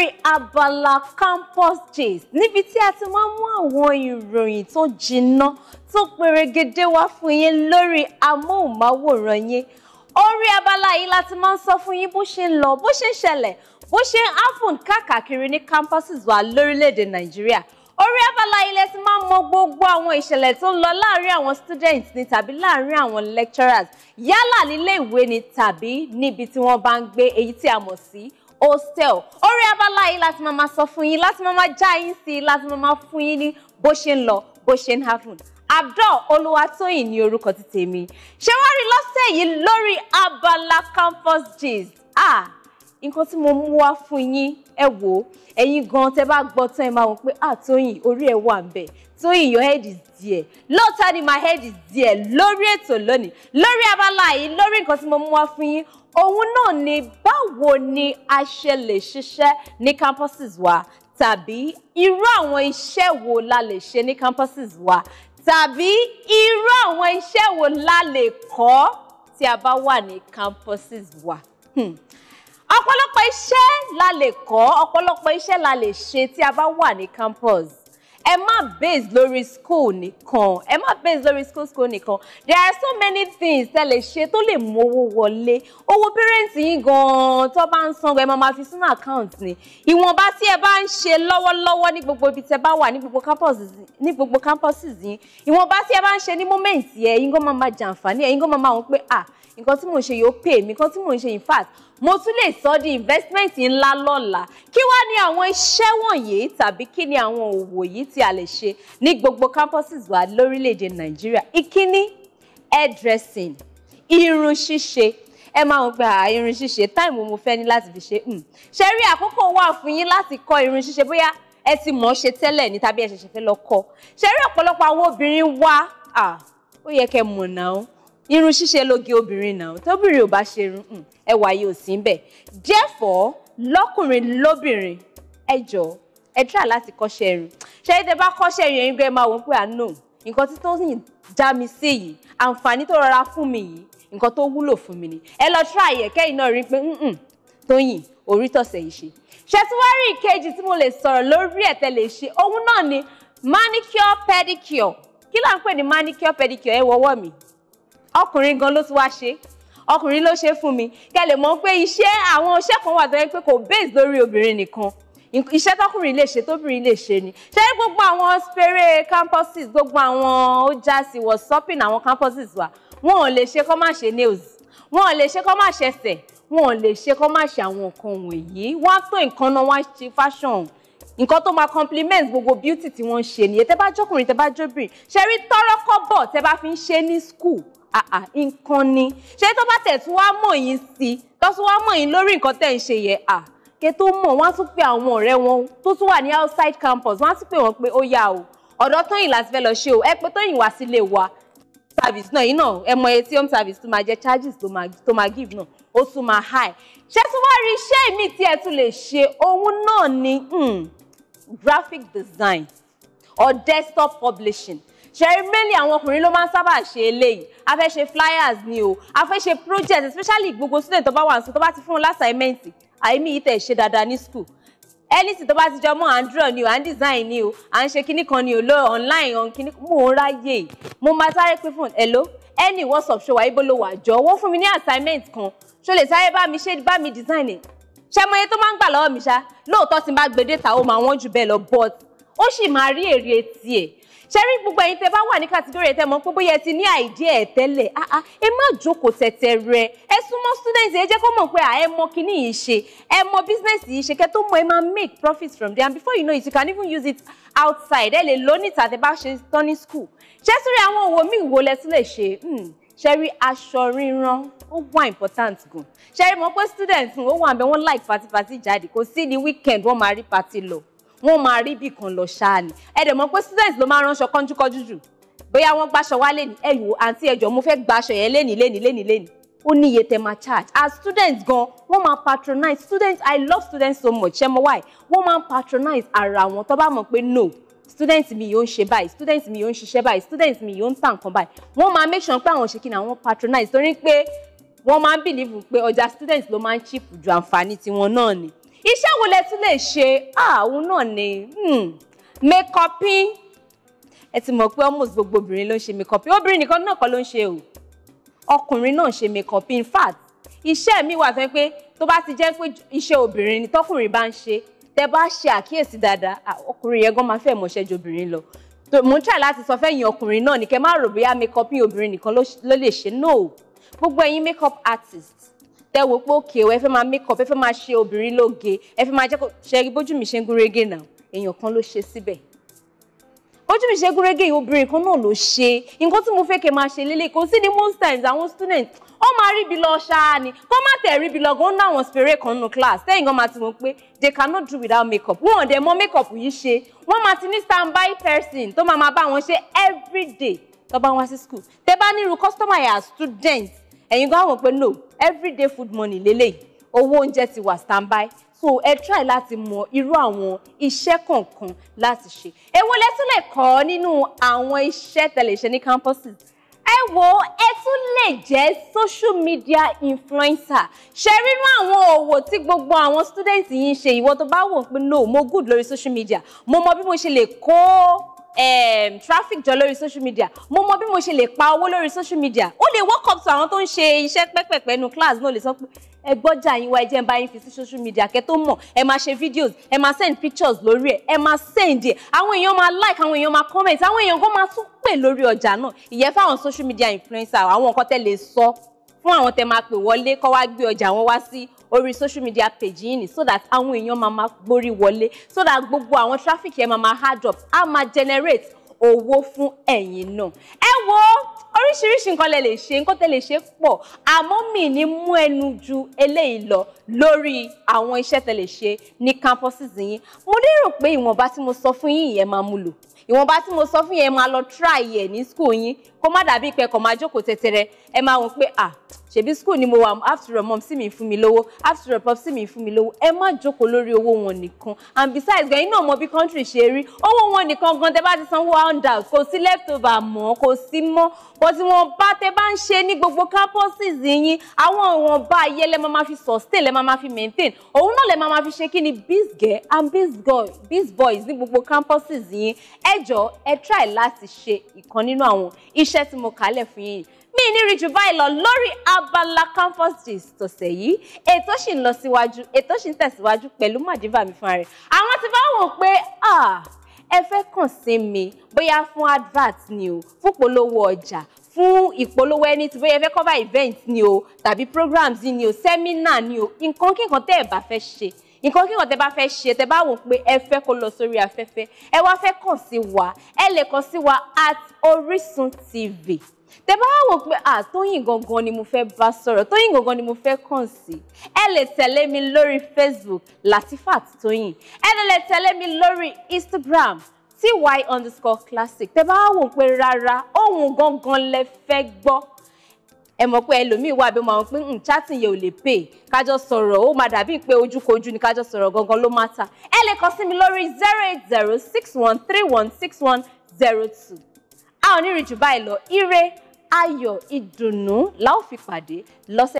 lórí abala campus gist níbi tí a ti máa ń mú àwọn ìròyìn tó jinná tó perégedé wá fún yín lórí amóhùnmáwòrán yín orí abala yìí láti máa ń sọ fún yín bó ṣe ń lọ bó ṣe ń ṣẹlẹ̀ bó ṣe ń áfùn káàkiri ní campuses wa lórílẹ̀‐èdè nàìjíríà orí abala yìí lẹ ti máa ń mọ gbogbo àwọn ìṣẹ̀lẹ̀ tó ń lọ láàárín àwọn students ni tàbí láàárín àwọn lecturers yálà nílé ìwé ni tàbí níbi tí wọ́n bá ń gbé èyí tí a mọ̀ sí hostel orí abala yìí láti máa sọ fún yín láti máa já yín sí i láti máa fún yín ní bó ṣe ń lọ bó ṣe ń happen Abdul Olúwatóyìn ní orúkọ ti tèmi ṣé wọ́n rí lọ́sẹ̀ yìí lórí abala campus gist ah nǹkan tí mo mú wá fún yín ẹ wò ó ẹ̀yin gan tẹ́ bá gbọ́ tán ẹ máa wò pé àtóyìn orí ẹ wà ń Tóyìn your head is there lóòótọ́ ni my head is there lórí ètò lónìí lórí abala yìí lórí nǹkan tí mo mú wá fún yín òun náà ni báwo ni a ṣe lè ṣiṣẹ́ ní campuses wa tàbí irú àwọn iṣẹ́ wo la lè ṣe ní campuses wa tàbí irú àwọn iṣẹ́ wo la lè kọ́ tí a bá wà ní campuses wa. Hmm ọ̀pọ̀lọpọ̀ iṣẹ́ la lè kọ́ ọ̀pọ̀lọpọ̀ iṣẹ́ la lè ṣe tí a bá wà ní campus ẹ má base lórí school nìkan ẹ má base lórí school school nìkan there are so many things tẹ́ lè ṣe tó lè mówó wọlé owó pẹrẹǹtì yín gan-an tó bá ń san ẹ máa máa fi sínú account ni ìwọ̀nba tí ẹ bá ń ṣe lọ́wọ́lọ́wọ́ ní gbogbo ibi tẹ́ bá wà ní gbogbo campuses ní gbogbo campuses yín ìwọ̀nba tí ẹ bá ń ṣe ní moment yẹ ẹ̀yin gan máa máa jàǹfààní ẹ̀yin gan máa máa wọn pé ah nǹkan tí mò ń ṣe yìí ó pè mí nǹkan tí mò ń ṣe in fact mo tún lè sọ di investment ńlá lọ́la kí wá ní àwọn iṣẹ́ wọ̀nyí tàbí kí ni àwọn òwò yìí tí a lè ṣe ní gbogbo campuses wa lórílẹ̀‐èdè nàìjíríà ìkíní hairdressing irun ṣíṣe ẹ máa ń gba irun ṣíṣe táìmù mo fẹ́ ní láti fi ṣe hmm. ṣe rí àkókò wà fún yín láti kọ́ irun ṣíṣe bóyá ẹ ti mọ̀ ọ́ ṣe tẹ́lẹ̀ ní tàbí ẹ ṣẹ̀ṣẹ̀ fẹ́ lọ kọ́ ṣe rí ọ̀pọ̀lọpọ̀ àwọn obìnrin wa ó yẹ kẹ́ mọ̀ náà irun ṣíṣe lóge obìnrin náà tóbìnrin ò bá ṣe irun hmm, ẹwà yìí ò sí bẹ́ẹ̀ therefore lọ́kùnrin lóbìnrin ẹ jọ̀ọ́ ẹ tíra láti kọ́ṣẹ́ irun ṣé ẹ bá kọ́ṣẹ́ irun yẹn gbẹ́ máa wọ́n pé àánú ah, nǹkan tí tó yìn já mi sí yìí àǹfààní tó rọra fún mi yìí nǹkan tó wúlò fún mi ni ẹ lọ tíra àyẹ̀kẹ́yìn náà rí pé Tóyìn orí tọ̀sẹ̀ yìí ṣe ṣe tí wọ́n tí mo lè sọ̀rọ̀ lórí ẹ̀tẹ̀ lè ṣe òun náà ni manicure pedicure kí là ń pè ní manicure pedicure ẹ wọ́wọ́ mi ọkùnrin gan ló ti wá ṣe ọkùnrin ló ṣe fún mi kẹ́ lè mọ̀ pé iṣẹ́ àwọn iṣẹ́ kan wà tó yẹ pé kò base lórí obìnrin nìkan iṣẹ́ tọkùnrin lè ṣe tóbìnrin lè ṣe ni ṣé gbogbo àwọn spere campuses gbogbo àwọn ó já sí wọ shopping àwọn campuses wa wọn ò lè ṣe kó má ṣe nails wọn ò lè ṣe kó má ṣe ẹsẹ̀ wọn ò lè ṣe kó má ṣe àwọn nǹkan wọ̀nyí wọ́n á tó nǹkan náà wọ́n á ṣe fashion nǹkan tó máa compliment gbogbo beauty tí wọ́n ń ṣe nìyẹn tẹ́ bá jọkùnrin tẹ́ bá jóbìnrin ṣe rí tọ́rọ́kọ́bọ̀ tẹ́ bá fi ń ṣe ní school Ah, ah, nǹkan ni ṣé tó bá tẹ̀ tún wá mọ̀ yín sí i tó tún wá mọ̀ yín lórí nǹkan tẹ̀ ń ṣe yẹn à ah, ké tó mọ̀ wọ́n á tún pe àwọn ọ̀rẹ́ wọn tó tún wà ní outside campus wọ́n á tún pè wọ́n pé ó yá o ọ̀dọ̀ Tóyìn láti fẹ́ lọ ṣe o ẹ pé Tóyìn wá sílé wa service náà yìí náà ẹ mọ iye tí home service tó máa jẹ charges tó máa give náà ó tún máa high ṣé tún wá rí iṣẹ́ èmi tí ẹ tún lè ṣe ohun náà ni hmm, graphic design or desktop publishing ṣẹ̀rí mẹ́lì àwọn ọkùnrin ló máa ń sábà ṣe eléyìí a fẹ́ ṣe flyers ni o a fẹ́ ṣe project especially gbogbo student tó bá wà sí tó bá ti fún un lásàímẹ́ǹtì àìmí yìí tẹ̀ ṣe dáadáa ní school anything tó bá ti jọ mọ́ à ń draw ni o à ń design ni o à ń ṣe kinní kan ni o lọ online on kinní mò ń ráyè mo máa sáré pé fún hello any whatsapp ṣe wà ibo ló wà jọ̀wọ́ fún mi ní assignment kan ṣo lè sáré bá mi ṣe bá mi design ẹ̀ ṣe mọ iye tó máa ń gbà lọ́wọ́ mi ṣá lóòótọ́ tí n bá gbé data ó máa wọ́n jù bẹ́ẹ̀ lọ but ó sì máa rí èrè tiẹ̀ ṣẹ́rí gbogbo ẹ̀yin tẹ́ bá wà ní kàtígórì ẹ̀ tẹ́ mọ̀ pé bóyá ẹ ti ní àìdí ẹ̀ tẹ́lẹ̀ ah, ah, ẹ má jókòó tẹ̀tẹ̀ rẹ ẹ súnmọ́ students ẹ jẹ́ kó mọ̀ pé ah, ẹ mọ kíní yìí ṣe ẹ mọ business yìí ṣe kẹ́ tó mọ̀ ẹ máa make profit from there and before you know it you can even use it outside ẹ lè lò níta tẹ́ bá ṣe tán ní school ṣé sórí àwọn òwò míì wo lẹ tún lè ṣe hmm, ṣẹ́rí aṣọ ríran ó wà important gan ṣẹ́rí mọ̀ pé students ó wà bẹ́ẹ̀ wọ́n like party party jáde kò sí ní weekend wọ́n máa rí party lọ wọ́n máa rí ibì kan lọ ṣáà ni ẹ dẹ̀ mọ̀ pé students ló máa ránṣọ kánjúkọ́jú jù bóyá wọ́n gbàṣọ wá lẹ́ni ẹ wò àǹtí ẹjọ́ mo fẹ́ gbàṣọ yẹn lẹ́ni lẹ́ni lẹ́ni lẹ́ni ó ní iye tẹ charge as students gan wọ́n máa patronize students i love students so much ṣe mo why wọ́n máa patronize ara wọn tó bá mọ̀ pé no students mi yóò ń ṣe báyìí students mi yóò ń ṣiṣẹ́ báyìí students mi yóò ń tà nǹkan báyìí wọ́n máa make sure pé àwọn ṣe kí patronize torí pé wọ́n máa ń believe pé ọjà students ló máa ń cheap ju àǹfààní tiwọn náà ni iṣẹ́ wo lẹ tún lè ṣe àwọn ah, náà ni mẹ́kọ̀pín hmm, ẹ ti mọ̀ pé almost gbogbo obìnrin ló ń ṣe mẹ́kọ̀pín obìnrin nìkan náà kọ́ ló ń ṣe o ọkùnrin náà ń ṣe mẹ́kọ̀pín in fact iṣẹ́ mi wà tó pé tó bá ti jẹ́ pé iṣẹ́ obìnrin ni tọkùnrin bá ń ṣe tẹ bá ṣe àkíyèsí dáadáa ah, ọkùnrin yẹn gan máa fẹ́ mọṣẹ́ ju obìnrin lọ mo ń try láti sọ fẹ́yìn ọkùnrin náà ni kẹ má rò bóyá mẹ́kọ̀pín obìnrin nìkan ló lè ṣe no gbogbo ẹ̀yin makeup artist tẹ wò pé òkè ẹ fẹ́ máa make up ẹ fẹ́ máa ṣe obìnrin lóge ẹ fẹ́ máa jẹ́ kó ṣe rí bójú mi ṣe ń gúnrégé náà èèyàn kan ló ṣe síbẹ̀ bójú mi ṣe ń gúnrégé obìnrin kan náà ló ṣe nǹkan tí mo fẹ́ kẹ́ máa ṣe lélẹ̀ kò sí ní most times àwọn students wọ́n máa ríbi lọ ṣáá ni kó má tẹ̀ ríbi lọ gan ní àwọn spere kan nínú class tẹ́yìn gan máa ti mọ̀ pé they cannot do without makeup wọn ò dẹ̀ mọ̀ makeup yìí ṣe wọ́n máa ti ní standby person tó máa máa bá wọn ṣe everyday tó bá wá sí school tẹ bá nírú customer yà student ẹ̀yin gan àwọn pé no everyday food money lélẹ̀ owó oúnjẹ ti wà standby so ẹ try láti mọ irú àwọn iṣẹ́ kọ̀ọ̀kan láti ṣe èwo lẹ tún lè kọ́ nínú àwọn iṣẹ́ tẹ̀lé ṣe ní campuses ẹ wo ẹ tún lè jẹ́ social media influencer ṣe rírú àwọn òwò tí gbogbo àwọn students yìí ń ṣe ìwọ tó bá wò pé no mo good lórí social media mo mọ bí mo ṣe lè kó um, traffic jọ lórí social media mo mọ bí mo ṣe lè pa owó lórí social media ó lè work up to àwọn tó ń ṣe iṣẹ́ pẹ́pẹ̀pẹ́ nu class náà lè sọ pé ẹ gbọ́jà yín wá ẹ jẹ́ ń bá yín fi sí social media kẹ́ tó mọ̀ ẹ máa ṣe videos ẹ máa send pictures lórí ẹ ẹ máa send ẹ àwọn èèyàn máa like àwọn èèyàn máa comment àwọn èèyàn kan máa tún pè lórí ọjà náà ìyẹn fáwọn social media influencer àwọn nǹkan tẹ́ lè sọ fún àwọn tẹ́ máa pè wọlé kó wá gbé ọjà wọn wá sí orí social media page yìí ni so that àwọn èèyàn máa máa gborí wọlé so that gbogbo àwọn traffic yẹn máa máa hard up á máa generate owó fun ẹ̀yin náà ẹ wo oríṣiríṣi nǹkan lẹ lè ṣe nǹkan tẹ lè ṣe pọ̀ àmọ́ mi ní mú ẹnu ju eléyìí lọ lórí àwọn iṣẹ́ tẹ lè ṣe ní campuses yín mo lérò pé ìwọ̀nba tí mo sọ fún yín ìyẹn máa mú ìwọ̀nba tí mo sọ fún yín máa lọ try ẹ̀ ní school yín kó má dàbí pé kò máa jókòó tẹ̀tẹ̀rẹ̀ ẹ máa wò pé à ṣèbí school ni mo wà after all mom sí mi fún mi lówó after all pop sí mi fún mi lówó ẹ má jókòó lórí owó wọn nìkan and besides gan iná ọmọ bí country ṣe rí owó wọn nìkan gan tẹ bá ti sanwó handout kò sí leftover mọ́ kò sí mọ́ but wọn bá tẹ bá ń ṣe ní gbogbo campuses yín àwọn ìwọ̀nba ayé lẹ máa fi sustain lẹ máa fi maintain òun náà lẹ máa fi ṣe kí ni biz girl and biz girl biz boys ní gbogbo campuses yín ẹ jọ̀ọ́ ẹ try láti ṣe ìkan nínú àwọn iṣẹ́ tí mo kálẹ̀ fún yín yìí mi ní rí jù báyìí lọ lórí abala campus gist tọ̀sẹ̀ yìí ètò sì ń lọ síwájú ètò sì ń tẹ̀síwájú pẹ̀lú màdìbà mi fúnra rẹ̀ àwọn ti bá wò pé ẹ fẹ́ kàn sí mi bóyá fún advert ni o fún polówó ọjà fún ìpolówó ẹni tí bóyá ẹ fẹ́ cover event ni o tàbí programs ni o seminar ni o nǹkan kí nǹkan tẹ́ ẹ bá fẹ́ ṣe nǹkan kí nǹkan tẹ́ bá fẹ́ ṣe tẹ́ bá wò pé ẹ fẹ́ kó lọ sórí afẹ́fẹ́ ẹ wá fẹ́ kàn sí wa ẹ lè kàn sí wa at Orisun TV tẹ bá wò pé à Tóyìn gangan ni mo fẹ́ bá sọ̀rọ̀ Tóyìn gangan ni mo fẹ́ kàn sí ẹ lè tẹ̀lé mi lórí Facebook Latifat Tóyìn ẹ lè tẹ̀lé mi lórí Instagram ty underscore classic tẹ bá wò pé rárá ohun gangan lẹ fẹ́ gbọ́ ẹ mọ̀ pé ẹlòmíín wà bí wọn pé ń hmm, chatting yẹn ò lè pè kájọ sọ̀rọ̀ ó máa dàbí pé ojúkojú ni kájọ sọ̀rọ̀ gangan ló máa ta ẹ lè kàn sí mi lórí zero eight zero six one three one six one zero two a ò ní rìn jù báyìí lọ ire ayọ̀ ìdùnnú la ó fi pàdé lọ́sẹ̀.